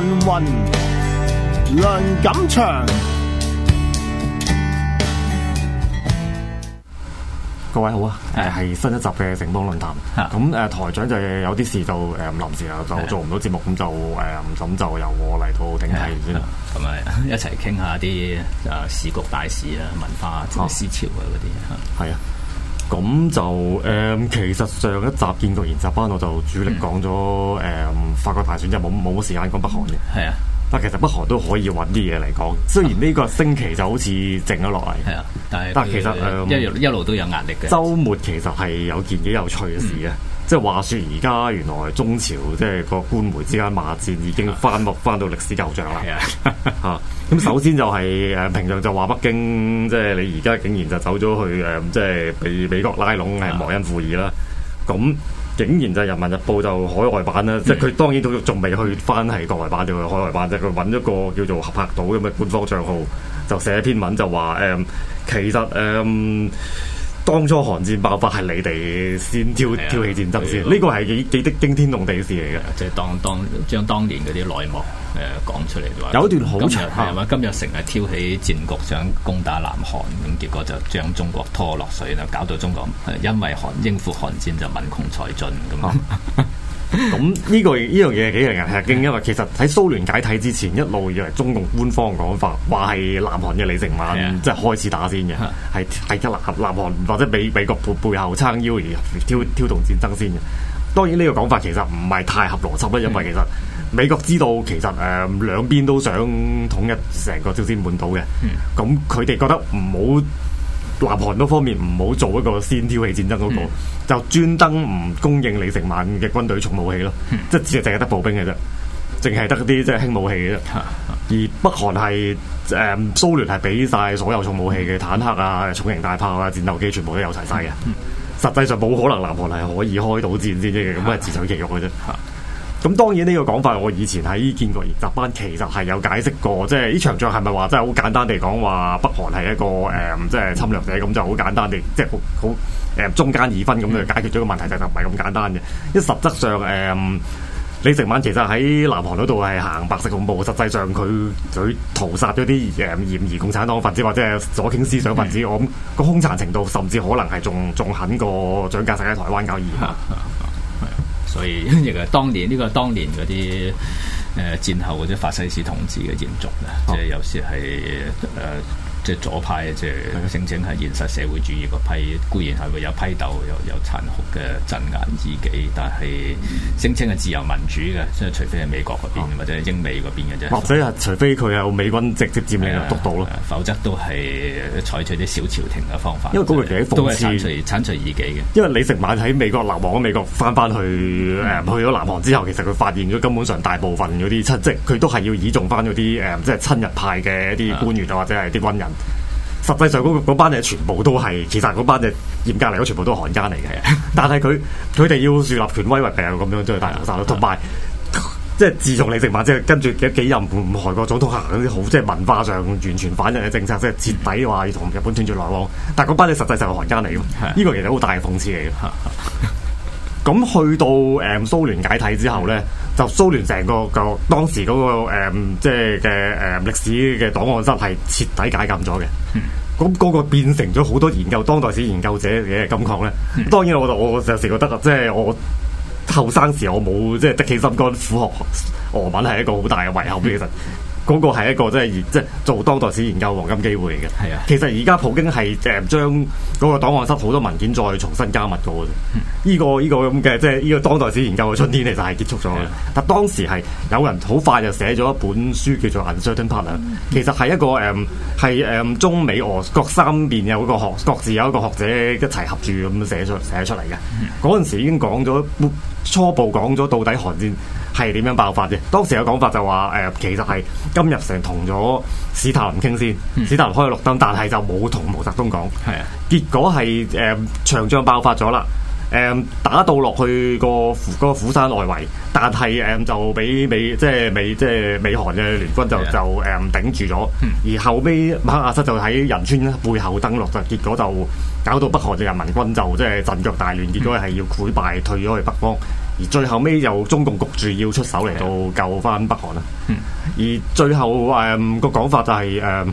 雲雲梁錦祥，各位好啊！誒的，係、呃、新一集嘅城邦論壇，咁誒的、呃、台長就有啲事就誒臨、呃、時啊，就做唔到節目，咁的就誒咁、呃、就由我嚟到頂替先同埋一齊傾下啲誒時局大事啊，文化思、啊、潮啊嗰啲係啊。的的咁就誒，其實上一集見到研習班，我就主力講咗誒法國大選，就冇冇乜時間講北韓嘅。係啊，但其實北韓都可以揾啲嘢嚟講，雖然呢個星期就好似靜咗落嚟。係啊，但係但係其實誒一一路都有壓力嘅。周末其實係有件幾有趣嘅事嘅，即係話説而家原來中朝即係個官媒之間罵戰已經翻翻到歷史舊帳啦。係啊。咁首先就係、是、誒，平壤就話北京，即、就、係、是、你而家竟然就走咗去誒，即、就、係、是、被美國拉攏，係忘恩負義啦。咁竟然就《人民日報》就海外版啦，嗯、即係佢當然都仲未去返係國內版，就去、是、海外版，即就佢揾咗個叫做合拍島咁嘅官方帳號，就寫一篇文就話誒、嗯，其實誒、嗯，當初韓戰爆發係你哋先挑挑、啊、起戰爭先，呢、啊、個係幾幾的驚天動地事嚟嘅，即係、啊就是、當，當，當，當當將當年嗰啲內幕。誒，講出嚟嘅話，有一段好長係嘛？今日成日挑起戰局，想攻打南韓，咁結果就將中國拖落水啦，搞到中國因為韓應付韓戰就民窮財盡咁，咁呢個呢樣嘢，幾令人吃驚，因為的的其實喺蘇聯解體之前，一路以為中共官方講法話係南韓嘅李承晚即係開始打先嘅，係係一南南韓或者俾美國背背後撐腰而挑挑動戰、戰爭先嘅。當然呢個講法其實唔係太合邏輯啦，因為其實的。的美國知道其實誒、嗯、兩邊都想統一成個朝鮮半島嘅，咁佢哋覺得唔好南韓嗰方面唔好做一個先挑起戰爭嗰個，mm. 就專登唔供應李承晚嘅軍隊重武器咯，mm. 即係只係淨係得步兵嘅啫，淨係得嗰啲即係輕武器嘅啫。Mm. 而北韓係誒、嗯、蘇聯係俾晒所有重武器嘅坦克啊、重型大炮啊、戰鬥機，全部都有齊晒嘅。Mm. Mm. 實際上冇可能南韓係可以開到戰先啲嘅，咁係自取其辱嘅啫。咁當然呢個講法，我以前喺見過研習班，其實係有解釋過，即係呢場仗係咪話真係好簡單地講話北韓係一個誒，即、嗯、係、就是、侵略者咁就好簡單地，即係好好誒中間二分咁嚟解決咗個問題，就唔係咁簡單嘅。因為實質上誒，李、嗯、承晚其實喺南韓嗰度係行白色恐怖，實際上佢佢屠殺咗啲誒嫌疑共產黨分子或者左傾思想分子，我諗個兇殘程度甚至可能係仲仲狠過蔣介石喺台灣搞二。 所以亦係當年呢個，當年嗰啲誒戰後嗰啲法西斯統治嘅延續啦，即係、oh. 有時係誒。呃即左派即佢聲稱係現實社會主義嗰批，固然係會有批鬥、又有，有殘酷嘅鎮壓異己，但係聲稱係自由民主嘅，即除非係美國嗰邊、啊、或者係英美嗰邊嘅啫。或者係除非佢有美軍直接佔領、讀到咯，否則都係採取啲小朝廷嘅方法。因為嗰個都係剷除剷除異己嘅。因為李承晚喺美國流亡，美國翻返去誒，嗯、去咗南韓之後，其實佢發現咗根本上大部分嗰啲親即佢都係要倚重翻嗰啲誒，即親日派嘅一啲官員或者係啲軍人。實際上嗰班嘢全部都係，其實嗰班嘢嚴格嚟全部都係漢奸嚟嘅。但係佢佢哋要樹立權威為，或者又咁樣就即係大流沙咯。同埋即係自從你食飯即後，跟住幾任韓國總統行嗰啲好，即係文化上完全反日嘅政策，即係徹底話要同日本斷絕來往。但係嗰班嘢實際上係漢奸嚟嘅，呢是的 個其實好大嘅諷刺嚟嘅。咁去到誒、嗯、蘇聯解體之後咧，就蘇聯成個個當時嗰、嗰個、嗯、即係嘅誒歷史嘅檔案室係徹底解禁咗嘅。咁嗰、嗯、個變成咗好多研究當代史研究者嘅感覺咧。嗯、當然我我我有時覺得即係我後生時我冇即係篤起心肝苦學俄文係一個好大嘅遺憾嘅其實。嗯嗯嗰個係一個即係即係做當代史研究黃金機會嚟嘅。係啊，其實而家普京係誒將嗰個檔案室好多文件再重新加密過嘅。呢、嗯、個呢個咁嘅即係呢個當代史研究嘅春天其實係結束咗嘅。嗯、但當時係有人好快就寫咗一本書叫做 Uncertain Partner,、嗯《Uncertain Partner 其實係一個誒係誒中美俄各三邊有個學各自有一個學者一齊合住咁寫出、嗯、寫出嚟嘅。嗰陣、嗯、時已經講咗初步講咗到底韓戰。係點樣爆發嘅？當時有講法就話誒、呃，其實係金日成同咗史塔林傾先，嗯、史塔林開咗綠燈，但係就冇同毛澤東講，的結果係誒場仗爆發咗啦，誒、呃、打到落去、那個嗰釜、那個、山外圍，但係誒、呃、就俾美即係美即係美，美，美，美韓嘅聯軍就的就誒頂住咗，而後尾麥克阿瑟就喺仁川背後登陸，就結果就搞到北韓嘅人民軍就即係陣腳大亂，結果係要潰敗退咗去北方。而最後尾由中共焗住要出手嚟到救翻北韓啦。而最後誒、嗯那個講法就係、是、誒、嗯、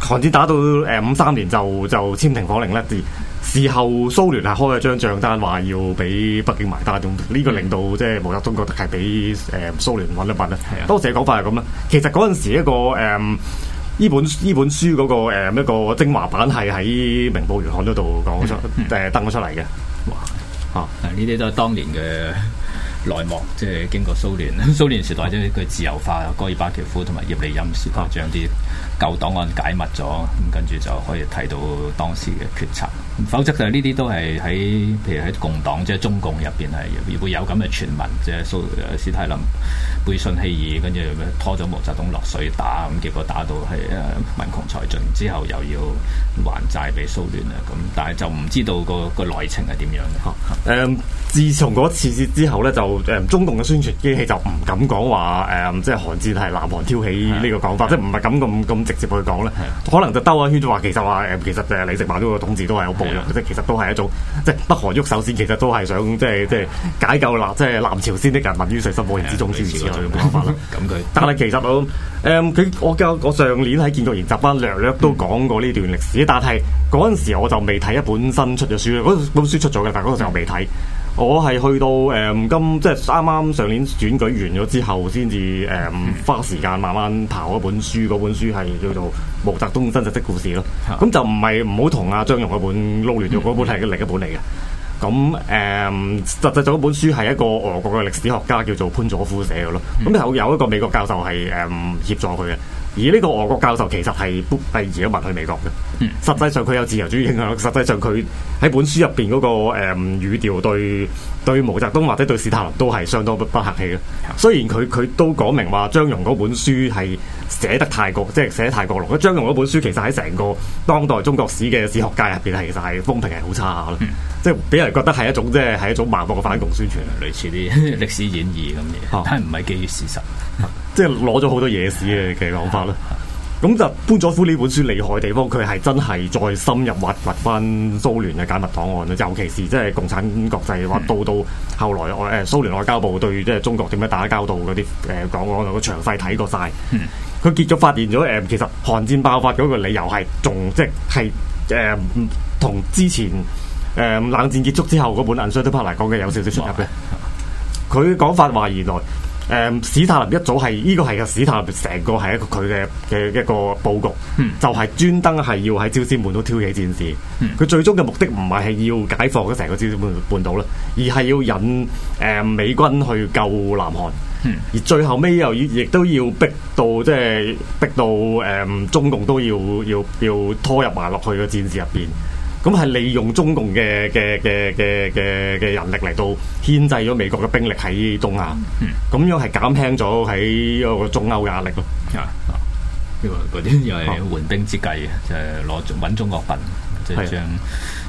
韓戰打到誒五三年就就簽停火令咧。事事後蘇聯係開咗一張賬單，話要俾北京埋單。呢、這個令到即係毛澤東覺得係俾誒蘇聯揾一笨啦。係啊。當時嘅講法係咁啦。其實嗰陣時一個誒呢、嗯、本呢本書嗰、那個、嗯、一個精華版係喺《明報月刊》嗰度講出誒登咗出嚟嘅。 啊！呢啲都係當年嘅。內幕即係經過蘇聯， 蘇聯時代即係佢自由化，戈爾巴喬夫同埋葉利欽先將啲舊檔案解密咗，咁跟住就可以睇到當時嘅決策。否則就係呢啲都係喺譬如喺共黨，即係中共入邊係會有咁嘅傳聞，即係蘇史太林背信棄義，跟住拖咗毛澤東落水打，咁結果打到係民窮財盡，之後又要還債俾蘇聯啊。咁但係就唔知道、嗰個、嗰個內情係點樣嘅。誒、嗯，嗯、自從嗰次事之後咧，就誒、嗯、中共嘅宣傳機器就唔敢講話誒，即係韓戰係南韓挑起呢個講法，是的 即係唔係咁咁咁直接去講咧。是的 可能就兜一圈就話，其實話誒、嗯，其實李承晚呢個統治都係有暴虐嘅，是的 即係其實都係一種即係北韓喐手先，其實都係想即係即係解救南即係南朝鮮的人民於水深火熱之中之類嘅講法啦。咁佢， 但係其實我佢、嗯，我我上年喺《建國》研習班略略都講過呢段歷史，但係嗰陣時我就未睇一本新出嘅書，嗰本書出咗嘅，但係嗰個就未睇。我係去到誒，今、嗯、即係啱啱上年選舉完咗之後，先至誒花時間慢慢刨一本書，嗰、嗯、本書係叫做《毛澤東真實的故事》咯。咁、嗯、就唔係唔好同阿張勇嗰本撈亂咗，嗰本係另一本嚟嘅。咁誒、嗯，實際上嗰本書係一個俄國嘅歷史學家叫做潘佐夫寫嘅咯。咁然後、嗯、有一個美國教授係誒協助佢嘅。而呢個俄國教授其實係不毅然咁去美國嘅，實際上佢有自由主義傾向，實際上佢喺本書入邊嗰個誒、呃、語調對對毛澤東或者對史塔林都係相當不不客氣嘅。雖然佢佢都講明話張戎嗰本書係寫得太過，即係寫太過濃。佢張戎嗰本書其實喺成個當代中國史嘅史學界入邊係其實係風評係好差啦，嗯、即係俾人覺得係一種即係係一種盲目嘅反共宣傳，類似啲歷 史演義咁嘢，但係唔係基於事實。 即係攞咗好多野史嘅嘅講法啦，咁就潘佐夫呢本書厲害嘅地方，佢係真係再深入挖掘翻蘇聯嘅解密檔案，尤其是即係共產國際話到到後來外誒蘇聯外交部對即係中國點樣打交道嗰啲誒講講，佢詳細睇過晒，佢結局發現咗誒、呃，其實韓戰爆發嗰個理由係仲即係誒同之前誒、呃、冷戰結束之後嗰本《紅色的帕拉》講嘅有少少出入嘅，佢嘅講法話原來。誒，史塔林一早係呢、呢個係嘅，史塔林成個係一個佢嘅嘅一個布局，hmm. 就係專登係要喺朝鮮半島挑起戰事。佢、hmm. 最終嘅目的唔係係要解放咗成個朝鮮半島啦，而係要引誒美軍去救南韓。Hmm. 而最後尾又亦都要逼到即係、即係、逼到誒、嗯、中共都要要要拖入埋落去個戰事入邊。咁係利用中共嘅嘅嘅嘅嘅嘅人力嚟到牽制咗美國嘅兵力喺東亞，咁樣係減輕咗喺個中歐壓力咯、嗯嗯啊。啊，呢個嗰啲又係緩兵之計，啊、就係攞揾中國笨，即係將的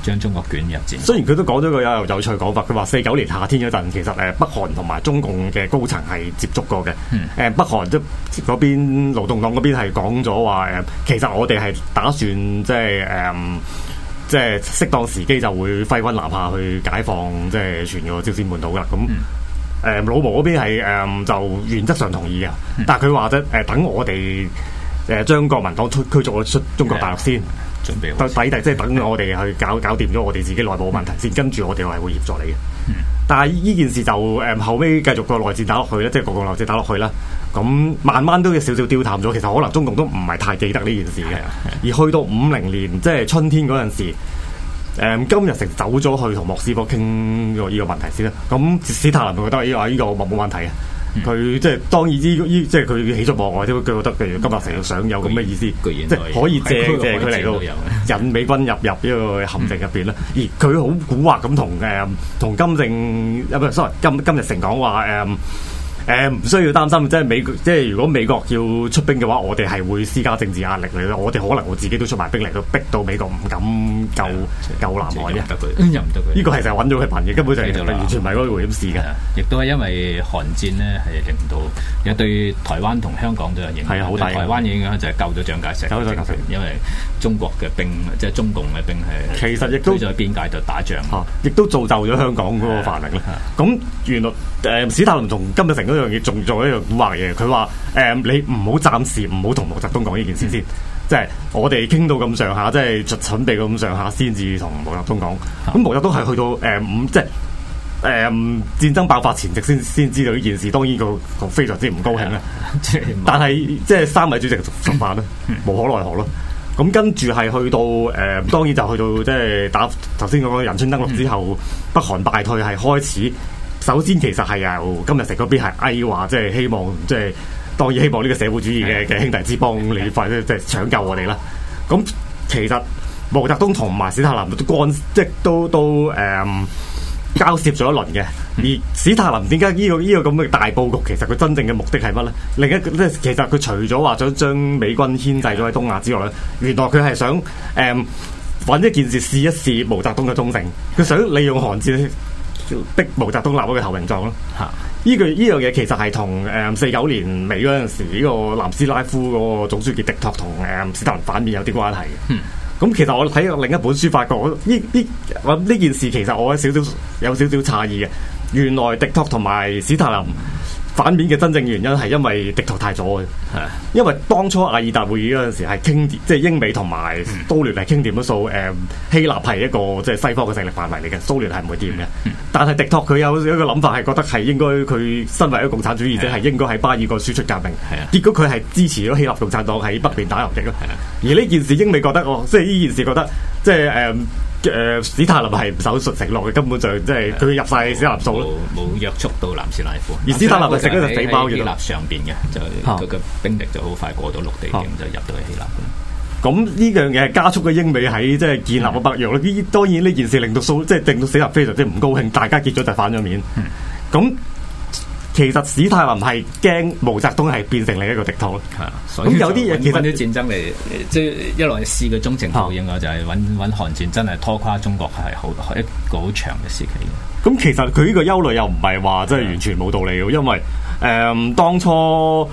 將中國捲入戰。雖然佢都講咗個有有趣講法，佢話四九年夏天嗰陣，其實誒北韓同埋中共嘅高層係接觸過嘅。誒、嗯、北韓即嗰邊勞動黨嗰邊係講咗話誒，其實我哋係打算即係誒。嗯即係適當時機就會揮軍南下去解放即係全個朝鮮半島啦。咁、嗯，誒、嗯、老毛嗰邊係誒就原則上同意嘅，嗯、但係佢話得誒等我哋誒將國民黨驅逐去出中國大陸先，準備好，第即係等我哋去搞搞掂咗我哋自己內部嘅問題先，跟住我哋係會協助你嘅。嗯、但係呢件事就誒、嗯、後尾繼續個內戰打落去咧，即係國共內戰打落去啦。咁慢慢都有少少調談咗，其實可能中共都唔係太記得呢件事嘅。 而去到五零年，即係春天嗰陣時、嗯，金日成走咗去同莫斯科傾過呢個問題先啦。咁史塔林就覺得呢、呢個依、呢個冇冇問題嘅，佢 即係當然呢呢即係佢起咗幕外，點佢覺得譬如金日成日想有咁嘅意思， 即係可以借借佢嚟到引美軍入入呢個陷阱入邊咧。 而佢好古惑咁同誒同金正啊、嗯、sorry，金金日成講話誒。嗯誒，唔需要擔心，即係美，即係如果美國要出兵嘅話，我哋係會施加政治壓力嚟咯。我哋可能我自己都出埋兵嚟，去逼到美國唔敢救救南韓啊！又唔得呢個係就揾到佢笨嘅，根本就完全唔係嗰回事嘅。亦都係因為韓戰呢，係令到而家對台灣同香港都有影響。好大。台灣影響就係救咗蔣介石，救咗蔣介石，因為中國嘅兵，即係中共嘅兵係其實亦都喺邊界度打仗。亦都造就咗香港嗰個繁榮。咁原來誒史達林同金日成。呢樣嘢仲做呢樣古惑嘢，佢話誒，你唔好暫時唔好同毛澤東講呢件事先、嗯，即係我哋傾到咁上下，即係準備到咁上下先至同毛澤東講。咁毛澤東係去到誒五，即係誒戰爭爆發前夕先先知道呢件事，當然佢非常之唔高興啦。但係即係三位主席怎麼辦咧？無可奈何咯。咁跟住係去到誒、嗯，當然就去到即係打頭先嗰個仁川登陸之後，嗯、北韓敗退係開始。首先，其實係由金日成嗰邊係誒話，即、就、係、是、希望，即、就、係、是、當然希望呢個社會主義嘅嘅兄弟之邦你，快啲即係搶救我哋啦。咁其實毛澤東同埋史太林幹即係都都誒、嗯、交涉咗一輪嘅。而史太林點解、這個這個、呢個呢個咁嘅大佈局，其實佢真正嘅目的係乜咧？另一即係其實佢除咗話想將美軍牽制咗喺東亞之外咧，原來佢係想誒揾、嗯、一件事試一試毛澤東嘅忠誠。佢想利用韓戰。逼毛澤東立咗個投名狀咯，呢句呢樣嘢其實係同誒四九年尾嗰陣時呢個南斯拉夫個總書記迪托同誒史塔林反面有啲關係嘅。咁、嗯、其實我睇另一本書發覺，呢呢我呢件事其實我有少少有少少詫異嘅，原來迪托同埋史塔林。反面嘅真正原因係因為狄托太左嘅，因為當初阿爾達會議嗰陣時係傾掂，即、就、係、是、英美同埋蘇聯嚟傾掂咗數、嗯，希臘係一個即係、就是、西方嘅勢力範圍嚟嘅，蘇聯係唔會掂嘅。嗯嗯、但係狄托佢有一個諗法係覺得係應該佢身為一個共產主義者係、嗯、應該喺巴爾幹輸出革命，嗯、結果佢係支持咗希臘共產黨喺北邊打游擊咯。嗯嗯、而呢件事英美覺得，哦，即係呢件事覺得，即係誒。嗯誒、呃，史太林係唔守住承諾嘅，根本就即係佢入晒少林數咯，冇約束到南斯拉夫。而史太林係食咗隻死包嘅希臘上邊嘅，即係、啊、個,個兵力就好快過到陸地嘅，啊、就入到去希臘。咁呢樣嘢加速嘅英美喺即係建立個北約啦。依、嗯、當然呢件事令到蘇即係定到死納非常之唔高興，大家結咗就反咗面。咁、嗯。嗯嗯其實史太林係驚毛澤東係變成另一個敵統，吓咁、啊、有啲嘢，其婚咗戰爭嚟，即、就、係、是、一來試個忠誠，度、啊，應該就係搵搵韓戰真係拖垮中國係好一個好長嘅時期。咁其實佢呢個憂慮又唔係話真係完全冇道理，啊、因為誒、嗯、當初誒、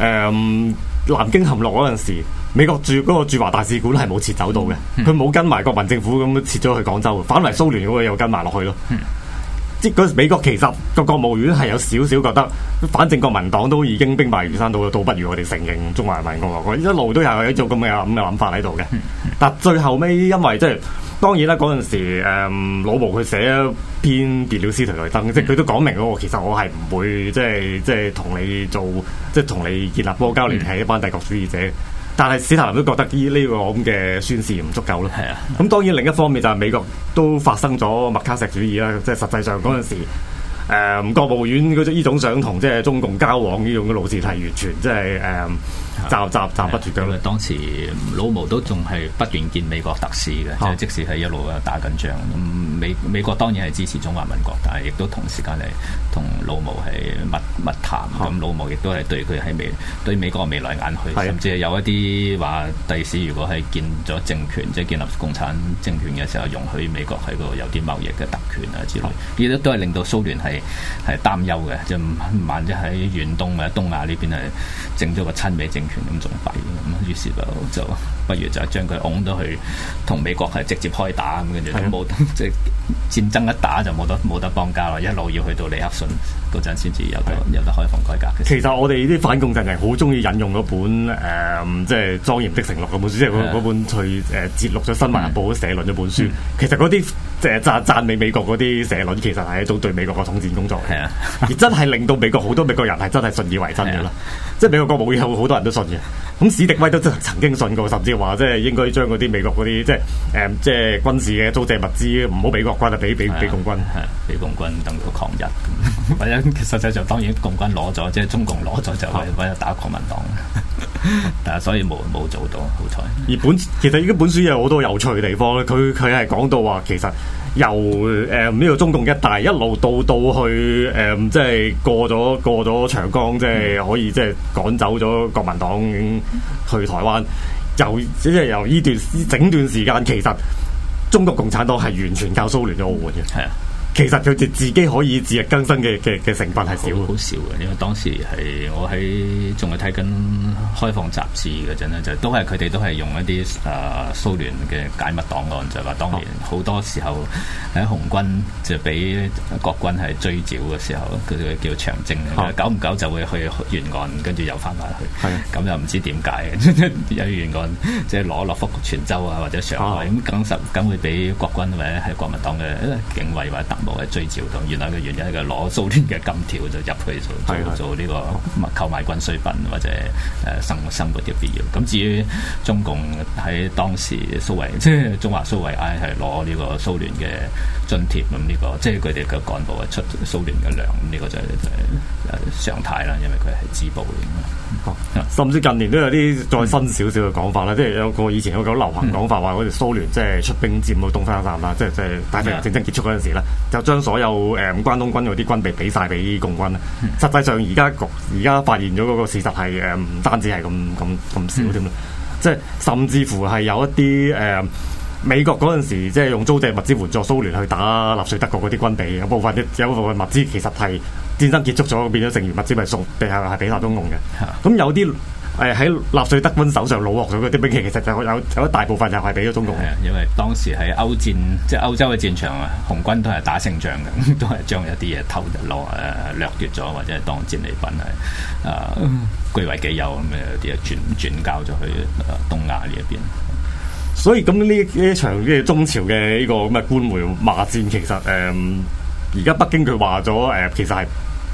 嗯、南京陷落嗰陣時，美國駐嗰、那個駐華大使館係冇撤走到嘅，佢冇、嗯、跟埋國民政府咁撤咗去廣州，反為蘇聯嗰個又跟埋落去咯。嗯嗯即美國其實個國務院係有少少覺得，反正國民黨都已經兵敗如山倒，倒不如我哋承認中華人民共和國，一路都有喺做咁嘅咁嘅諗法喺度嘅。嗯嗯、但最後尾因為即係當然啦，嗰陣時、嗯、老毛佢寫一篇《別了司徒雷登》，嗯、即係佢都講明咗、嗰個，其實我係唔會即係即係同你做即係同你建立邦交聯繫一班帝國主義者。但係史塔林都覺得啲呢個咁嘅宣示唔足夠咯。係啊，咁 當然另一方面就係美國都發生咗麥卡錫主義啦，即係實際上嗰陣時。 誒、呃、國務院呢種想同即係中共交往呢種嘅路線係完全即係誒，暫暫站不住腳啦。當時老毛都仲係不斷見美國特使嘅，即係的即使係一路啊打緊仗，咁美美國當然係支持中華民國，但係亦都同時間嚟同老毛係密密談。咁的老毛亦都係對佢喺美對美國未來眼去，的甚至係有一啲話，第時如果係建咗政權，即、就、係、是、建立共產政權嘅時候，容許美國喺度有啲貿易嘅特權啊之類，依啲都係令到蘇聯係。係擔憂嘅，就唔、是、萬萬一喺遠東或者東亞呢邊係整咗個親美政權咁仲弊，咁於是就就不如就將佢拱咗去同美國係直接開打，咁跟住都冇即。 戰爭一打就冇得冇得邦交咯，一路要去到尼克遜嗰陣先至有得的有得開放改革。其實我哋啲反共陣營好中意引用一本誒、呃，即係莊嚴的承諾嘅本書，的即係嗰嗰本去誒節錄咗《呃、新聞報》嗰社論嘅本書。的其實嗰啲誒讚讚美美國嗰啲社論，其實係一種對美國嘅統戰工作。係啊的，而真係令到美國好 多美國人係真係信以為真嘅咯，的 即係美國國務院，好多人都信嘅。咁史迪威都曾經信過，甚至話即係應該將嗰啲美國嗰啲即係誒即係軍事嘅租借物資唔好美國。軍就俾俾俾共軍，係俾共軍等到抗日。咁或者實際上當然共軍攞咗，即係中共攞咗，就搵搵人打國民黨。嗯、但係所以冇冇做到，好彩。而本其實依家本書有好多有趣嘅地方咧，佢佢係講到話其實由誒呢、嗯呢個中共一大一路到到去誒，即係過咗過咗長江，即、就、係、是、可以即係趕走咗國民黨去台灣。由即係由依段整段時間，其實。中國共產黨係完全教蘇聯澳門嘅。其實佢哋自己可以自力更生嘅嘅嘅成分係少，好少嘅。因為當時係我喺仲係睇緊開放雜誌嘅陣就是、都係佢哋都係用一啲誒、啊、蘇聯嘅解密檔案，就係、是、話當年好多時候喺紅軍就俾國軍係追剿嘅時候，佢哋叫長征，久唔久就會去沿岸，跟住又翻返去。係咁的又唔知點解有沿岸，即係攞落福建泉州啊，或者上海咁，梗實梗會俾國軍或者係國民黨嘅警衛或者特。追蹤到，原來嘅原因係攞蘇聯嘅金條，就入去做做呢個買購買軍需品，或者誒、呃、生生活嘅必要。咁至於中共喺當時蘇維即係中華蘇維埃係攞呢個蘇聯嘅津貼咁呢、呢個即係佢哋嘅幹部出蘇聯嘅糧，呢個就係、就常、是、態啦，因為佢係自保嚟哦、甚至近年都有啲再新少少嘅講法啦，嗯、即係有個以前有個種流行講法話，我哋、嗯、蘇聯即係出兵佔到東方站啦，嗯、即係即係太平洋戰爭結束嗰陣時咧，嗯、就將所有誒、嗯、關東軍嗰啲軍備俾晒俾共軍啦。嗯、實際上而家局而家發現咗嗰個事實係誒唔單止係咁咁咁少添啦，嗯、即係甚至乎係有一啲誒、嗯、美國嗰陣時即係用租借物資援助蘇聯去打納粹德國嗰啲軍備，有部分有部分物資其實係。戰爭結束咗，變咗剩餘物資，送地下係俾納中共嘅。咁有啲誒喺納粹德軍手上攞獲咗嗰啲兵器，其實就有有一大部分就係俾咗中共嘅。因為當時喺歐戰即係歐洲嘅戰場啊，紅軍都係打勝仗嘅，都係將有啲嘢偷攞誒掠奪咗，或者當戰利品係啊據為己有咁嘅，有啲啊轉轉交咗去東亞呢一邊。所以咁呢呢場即係中朝嘅呢個咁嘅官媒罵戰，其實誒而家北京佢話咗誒，其實係。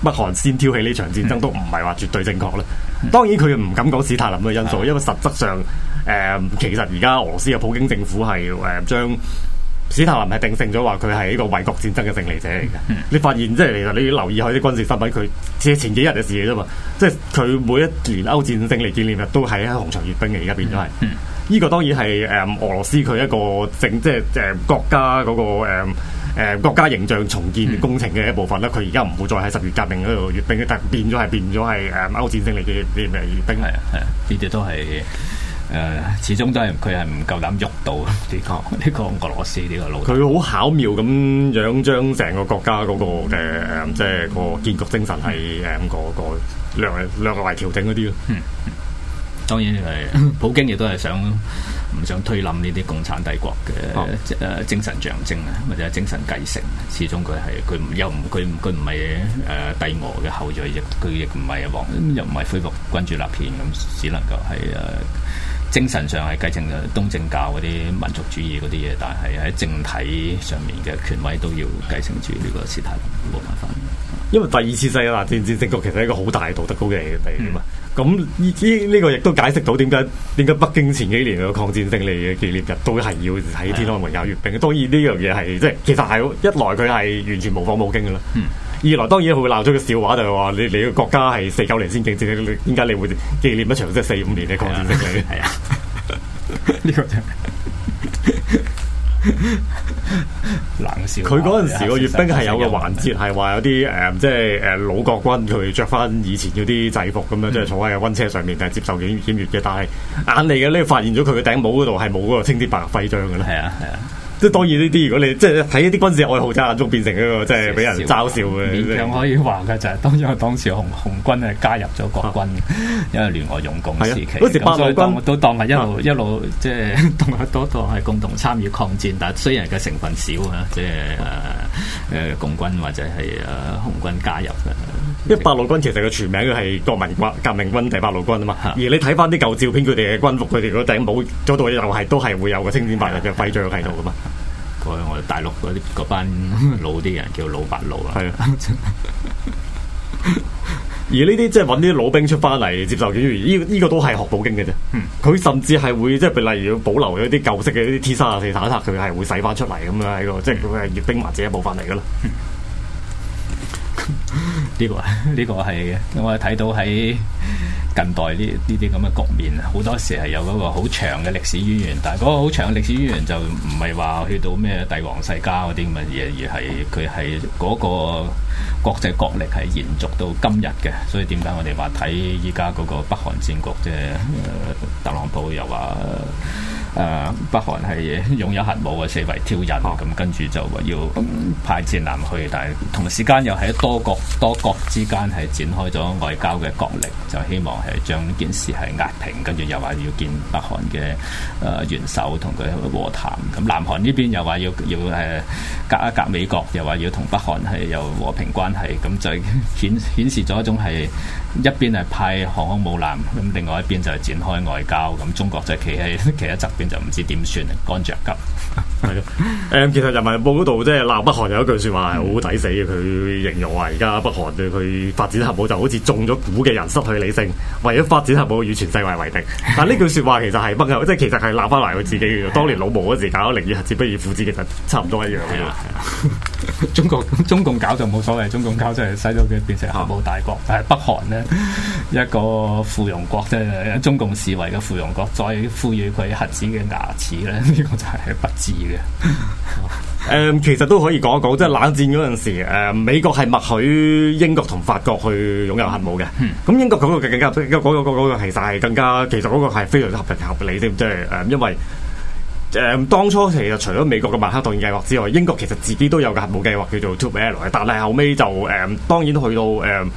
北韓先挑起呢場戰爭都唔係話絕對正確咧。當然佢唔敢講史泰林嘅因素，因為實質上，誒、嗯、其實而家俄羅斯嘅普京政府係誒、嗯、將史泰林係定性咗話佢係一個衛國戰爭嘅勝利者嚟嘅。嗯、你發現即係其實你要留意下啲軍事新聞，佢只係前幾日嘅事嚟啫嘛。即係佢每一年歐戰勝利紀念日都喺紅場閱兵嘅，而家變咗係。呢、嗯嗯、個當然係誒、嗯、俄羅斯佢一個政，即係誒、嗯、國家嗰、那個、嗯誒、呃，國家形象重建工程嘅一部分咧，佢而家唔會再喺十月革命嗰度閱兵，但變咗係變咗係誒，歐、呃、戰勝利嘅閱兵係啊，呢啲、啊、都係誒、呃，始終都係佢係唔夠膽喐到啊、這個！呢、這個呢個俄羅斯呢、這個老，佢好巧妙咁樣將成個國家嗰、那個嘅、嗯呃、即係個建國精神係誒，咁個個略略為調整嗰啲咯。當然係， 普京亦都係想。唔想推冧呢啲共產帝國嘅誒精神象徵啊，或者精神繼承，始終佢係佢又唔佢佢唔係誒帝俄嘅後裔，亦佢亦唔係王，又唔係恢復君主立憲，咁只能夠係誒精神上係繼承東正教嗰啲民族主義嗰啲嘢，但係喺政體上面嘅權威都要繼承住呢個斯大林冇辦法。因為第二次世界大戰戰爭局其實係一個好大道德高嘅地嚟嘅嘛。咁呢呢呢個亦都解釋到點解點解北京前幾年嘅抗戰勝利嘅紀念日都係要喺天安門有閱兵。的當然呢樣嘢係即係其實係一來佢係完全模仿冇經嘅啦。嗯、二來當然佢會鬧出個笑話就，就係話你你個國家係四九年先戰勝，點解你會紀念一場即係四五年嘅抗戰勝利？係啊的，呢個就～ 冷笑吧，佢嗰陣時個閱兵係有個環節，係話有啲誒，即係誒老國軍佢着翻以前嗰啲制服咁樣，即係坐喺個溫車上面，就係接受檢檢閱嘅。但係眼嚟嘅咧，發現咗佢嘅頂帽嗰度係冇嗰個青天白日徽章嘅咧。係 啊，係啊。即當然呢啲，如果你即係喺一啲軍事愛好者，眼中變成一個即係俾人嘲笑嘅。勉強可以話嘅就係、是，當然當時紅紅軍係加入咗國軍，啊、因為聯俄容共時期，咁、啊、所以當時八路軍都當係一路、啊、一路即係同阿多黨係共同參與抗戰，但係雖然嘅成分少嚇，即係誒誒共軍或者係誒、啊、紅軍加入嘅。啊。因八路軍其實佢全名係國民革命軍第八路軍啊嘛，而你睇翻啲舊照片，佢哋嘅軍服、佢哋個頂帽嗰度又係都係會有個青天白日嘅徽章喺度噶嘛，佢以我哋大陸嗰啲班老啲人叫老八路啊，啊，而呢啲即係搵啲老兵出翻嚟接受演員，呢、呢、這個都係學普京嘅啫，佢、嗯、甚至係會即係、就是、例如保留咗啲舊式嘅一啲 T 三啊四坦克，佢係會使翻出嚟咁樣喺個，即係佢係閱兵或者一部分嚟噶啦。嗯嗯呢、這個啊，呢、這個係嘅，我係睇到喺。近代呢呢啲咁嘅局面，好多時係有嗰個好長嘅歷史淵源，但係嗰個好長嘅歷史淵源就唔係話去到咩帝王世家嗰啲咁嘅嘢，而係佢係嗰個國際國力係延續到今日嘅。所以點解我哋話睇依家嗰個北韓戰局啫、呃？特朗普又話誒、呃、北韓係擁有核武嘅，四圍挑釁，咁跟住就話要派戰艦去，但係同時間又喺多國多國之間係展開咗外交嘅角力。就希望係將呢件事係壓平，跟住又話要見北韓嘅誒、呃、元首同佢和談。咁南韓呢邊又話要要誒隔一隔美國，又話要同北韓係有和平關係。咁就顯顯示咗一種係一邊係派航空母艦，咁另外一邊就係展開外交。咁中國就企喺企喺側邊，就唔知點算，乾着急。係，誒、嗯，其實人民日報嗰度即係鬧北韓有一句說話係好抵死嘅，佢形容話而家北韓對佢發展核武就好似中咗蠱嘅人失去理性，為咗發展核武與全世界為敵。但呢句說話其實係北歐，即係其實係鬧翻埋佢自己嘅。當年老毛嗰時搞寧願核子不如父子，其實差唔多一樣嘅。 中國中共搞就冇所謂，中共搞就係使到佢變成核武大國。但係北韓呢，一個附庸國，即係中共視為嘅附庸國，再賦予佢核子嘅牙齒咧，呢、這個就係不智嘅。誒、 嗯，其實都可以講一講，即係冷戰嗰陣時，誒、嗯，美國係默許英國同法國去擁有核武嘅。咁、嗯、英國講個更加，因、那個，其實係更加，其實嗰個係非常之合情合理添，即係誒、嗯，因為誒、嗯，當初其實除咗美國嘅曼哈頓計劃之外，英國其實自己都有個核武計劃叫做 Tube Alloys，但係後尾就誒、嗯，當然去到誒、嗯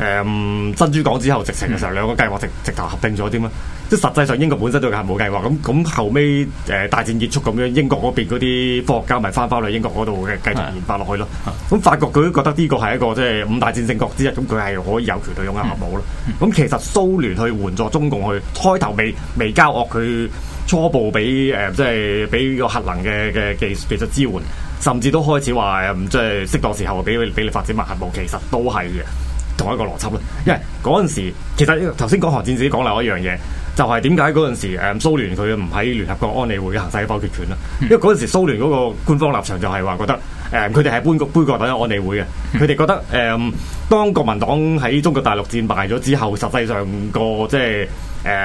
誒，um, 珍珠港之後，直情嘅時候兩個計劃直直頭合併咗添啊！即係實際上英國本身都有核武計劃，咁咁後尾誒、呃、大戰結束咁樣，英國嗰邊嗰啲科學家咪翻返去英國嗰度嘅繼續研發落去咯。咁的法國佢都覺得呢個係一個即係、就是、五大戰勝國之一，咁佢係可以有權利擁有核武咯。咁、嗯嗯、其實蘇聯去援助中共去，開頭未未交惡，佢初步俾誒、呃、即係俾個核能嘅嘅技術技術支援，甚至都開始話即係適當時候俾你俾你發展埋核武，其實都係嘅。同一個邏輯啦，因為嗰陣時其實頭先講韓戰時講漏一樣嘢，就係點解嗰陣時誒蘇聯佢唔喺聯合國安理會行使否決權啦？因為嗰陣時蘇聯嗰個官方立場就係話覺得。誒，佢哋係搬局杯葛等於安理會嘅，佢哋覺得誒、呃，當國民黨喺中國大陸戰敗咗之後，實際上個即係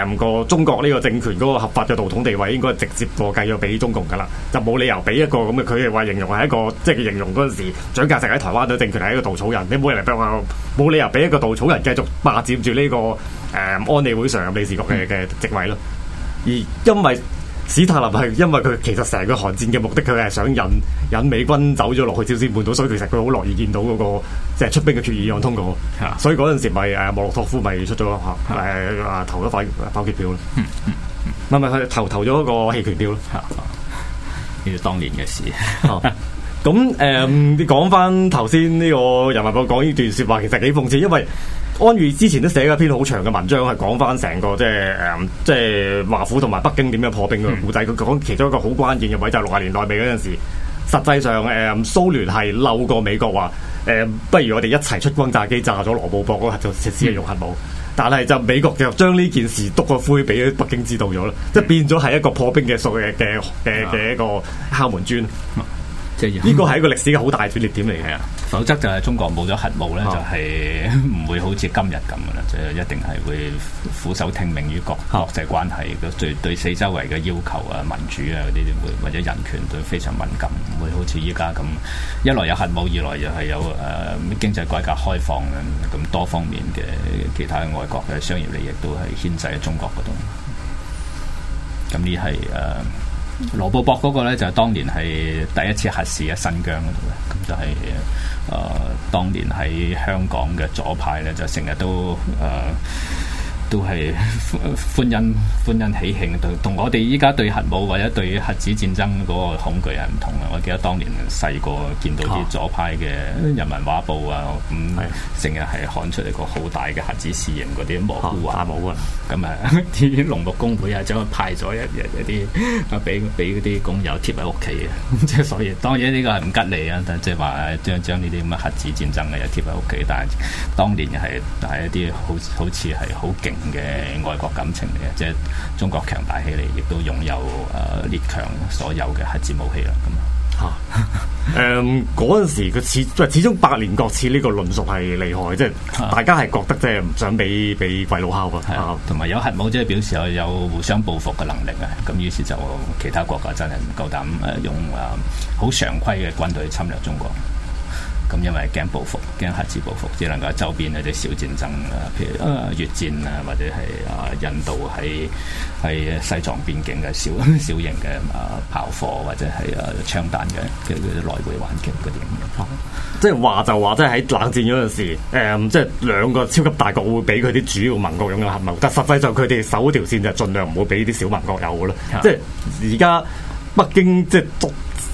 誒個中國呢個政權嗰個合法嘅道統地位應該係直接過繼咗俾中共㗎啦，就冇理由俾一個咁嘅，佢哋話形容係一個即係形容嗰陣時，蔣介石喺台灣嘅政權係一個稻草人，你冇人嚟逼話，冇理由俾一個稻草人繼續霸佔住呢、這個誒、呃、安理會常任理事局嘅嘅職位咯，而因為。史塔林係因為佢，其實成個韓戰嘅目的，佢係想引引美軍走咗落去朝鮮半島，所以其實佢好樂意見到嗰、那個即係出兵嘅決議案通過，嗯、所以嗰陣時咪誒莫洛托夫咪出咗誒、啊、投咗塊否決票咯，唔係唔係投投咗個棄權票咯，呢啲、嗯嗯、當年嘅事。咁誒好，你講翻頭先呢個人民報講呢段說話，其實幾諷刺，因為。安宇之前都寫咗篇好長嘅文章，係講翻成個即係誒，即係華府同埋北京點樣破冰嘅故仔佢講其中一個好關鍵嘅位就係六十年代尾嗰陣時，實際上誒，蘇聯係嬲過美國話，誒、嗯，不如我哋一齊出轟炸機炸咗羅布泊嗰個設施用核武，但係就美國就將呢件事篤個灰俾北京知道咗啦，嗯、即係變咗係一個破冰嘅嘅嘅嘅嘅一個敲門磚。嗯呢個係一個歷史嘅好大轉捩點嚟嘅，否則就係中國冇咗核武咧、啊，就係唔會好似今日咁嘅啦，就一定係會俯首聽命於國、啊、國際關係，個對，對四周圍嘅要求啊、民主啊嗰啲，會或者人權都非常敏感，唔會好似依家咁。一來有核武，二來又係有誒、啊、經濟改革開放啊，咁多方面嘅其他外國嘅商業利益都係牽制喺中國嗰度。咁呢係誒。羅布泊嗰個咧就係、是，當年係第一次核試啊，喺新疆度咧，咁就係誒當年喺香港嘅左派呢就成日都誒。呃都係歡欣、歡欣喜慶，同我哋依家對核武或者對核子戰爭嗰個恐懼係唔同嘅。我記得當年細個見到啲左派嘅人民畫報啊，咁成日係刊出嚟個好大嘅核子試驗嗰啲蘑菇雲。核武啊，咁啊啲勞、啊啊嗯、工會啊將佢派咗一日嗰啲啊俾俾嗰啲工友貼喺屋企啊。即 係所以，當然呢個係唔吉利啊！但係即係話將將呢啲咁嘅核子戰爭嘅又貼喺屋企，但係當年係係一啲好好似係好勁。嘅外國感情嚟嘅，即係中國強大起嚟，亦都擁有誒、呃、列強所有嘅核子武器啦，咁吓，誒、啊，嗰、嗯、陣時佢始即係始終百年國恥呢個論述係厲害，即係大家係覺得即係唔想俾俾鬼佬敲啊。係啊，同埋、啊、有，有核武即係表示有互相報復嘅能力啊。咁於是就其他國家真係唔夠膽用誒好、呃、常規嘅軍隊侵略中國。咁因為驚報復，驚核子報復，只能夠周邊嗰啲小戰爭啊，譬如啊越戰啊，或者係啊印度喺喺西藏邊境嘅小小型嘅啊炮火或者係啊槍彈嘅嘅嘅內外環境嗰啲咁嘅。即係話就話，即係喺冷戰嗰陣時，即係兩個超級大國會俾佢啲主要盟國用嘅核武，但實際上佢哋守嗰條線就盡量唔好俾啲小盟國有嘅咯。嗯、即係而家北京即係。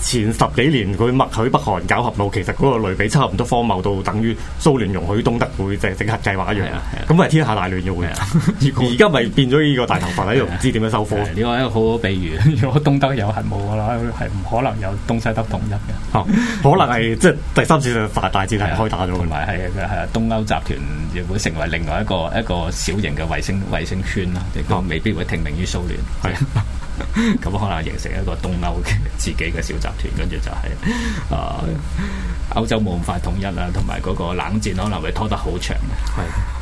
前十幾年佢默許北韓搞核武，其實嗰個類比差唔多荒謬到等於蘇聯容許東德會就整核計劃一樣啦。咁咪、啊啊、天下大亂，要咩而家咪變咗呢個大頭髮，喺度唔知點樣收貨。你話一個好好比喻，如果東德有核武嘅話，係唔可能有東西德統一嘅。可能係 即係第三次大戰係開打咗，同埋係啊啊，東歐集團會成為另外一個一個小型嘅衛星衛星圈啦，亦都未必會聽命於蘇聯。係。咁 可能形成一個東歐嘅自己嘅小集團，跟住就係、是、啊，歐、呃、洲冇咁快統一啦，同埋嗰個冷戰可能會拖得好長嘅，係。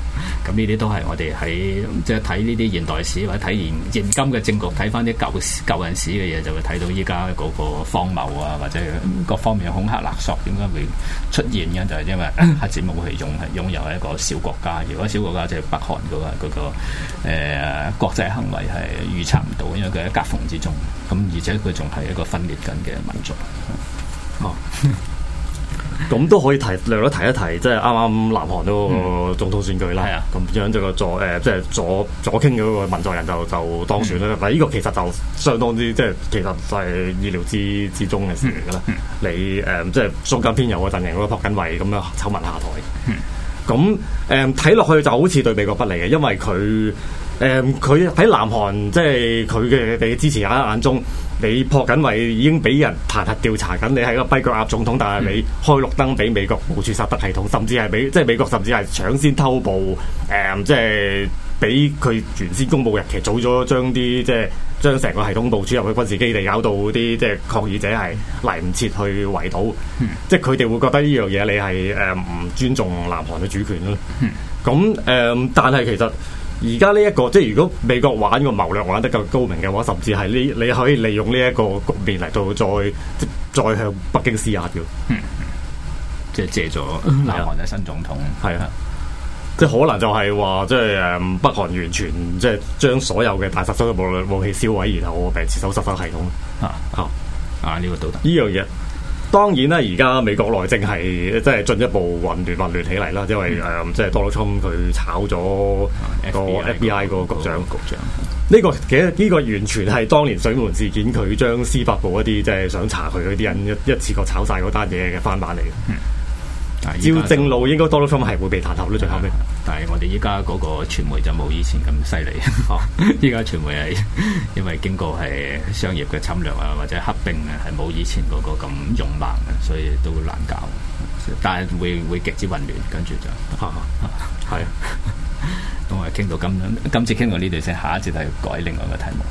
咁呢啲都係我哋喺即係睇呢啲現代史或者睇現現今嘅政局，睇翻啲舊舊陣時嘅嘢，就會睇到依家嗰個荒謬啊，或者各方面恐嚇勒索點解會出現嘅，就係、是、因為核子武器擁擁有一個小國家，如果小國家就係北韓嘅嗰、那個誒、呃、國際行為係預測唔到，因為佢喺夾縫之中，咁而且佢仲係一個分裂緊嘅民族。好、哦。 咁都可以提略咗提一提，即係啱啱南韓嗰個總統選舉啦。咁、嗯、樣就個左誒，即、呃、係、就是、左左傾嗰個文在寅就就當選啦。呢係、嗯、個其實就相當之即係、就是，其實就係意料之之中嘅事嚟噶啦。嗯、你誒即係中間偏有個陣營，嗰個朴槿惠咁樣醜聞下台。咁誒睇落去就好似對美國不利嘅，因為佢。誒，佢喺、嗯、南韓，即係佢嘅你支持者眼中，你朴槿惠已經俾人彈劾調查緊，你係一個跛腳鴨總統，但係你開綠燈俾美國部署薩德系統，甚至係俾即係美國，甚至係搶先偷步，誒、嗯，即係俾佢原先公佈日期早咗，將啲即係將成個系統部署入去軍事基地，搞到啲即係抗議者係嚟唔切去圍堵，嗯、即係佢哋會覺得呢樣嘢你係誒唔尊重南韓嘅主權咯。咁誒、嗯嗯嗯，但係其實。而家呢一個即係如果美國玩個謀略玩得夠高明嘅話，甚至係你你可以利用呢一個局面嚟到再即再向北京施壓嘅，即係借咗南韓嘅新總統。係啊，啊 即係可能就係話即係誒，北韓完全即係將所有嘅大殺傷力嘅武器燒毀，然後我誒撤走薩德系統啊好啊呢、啊這個都得呢樣嘢。當然啦，而家美國內政係即係進一步混亂混亂起嚟啦，因為誒、嗯、即係多魯松佢炒咗、嗰個 FBI 個 FBI 局長，局長呢、這個其實呢個完全係當年水門事件佢將司法部一啲即係想查佢嗰啲人一一次過炒晒嗰單嘢嘅翻版嚟嘅。嗯、照正路應該多魯松係會被彈劾啦，的最後尾。但係我哋依家嗰個傳媒就冇以前咁犀利，哦！依家傳媒係因為經過係商業嘅侵略啊，或者合併啊，係冇以前嗰個咁勇猛嘅、啊，所以都難搞、啊。但係會會極之混亂，跟住就，係 是、啊。我係傾到咁樣，今次傾到呢度先，下一節係改另外一個題目。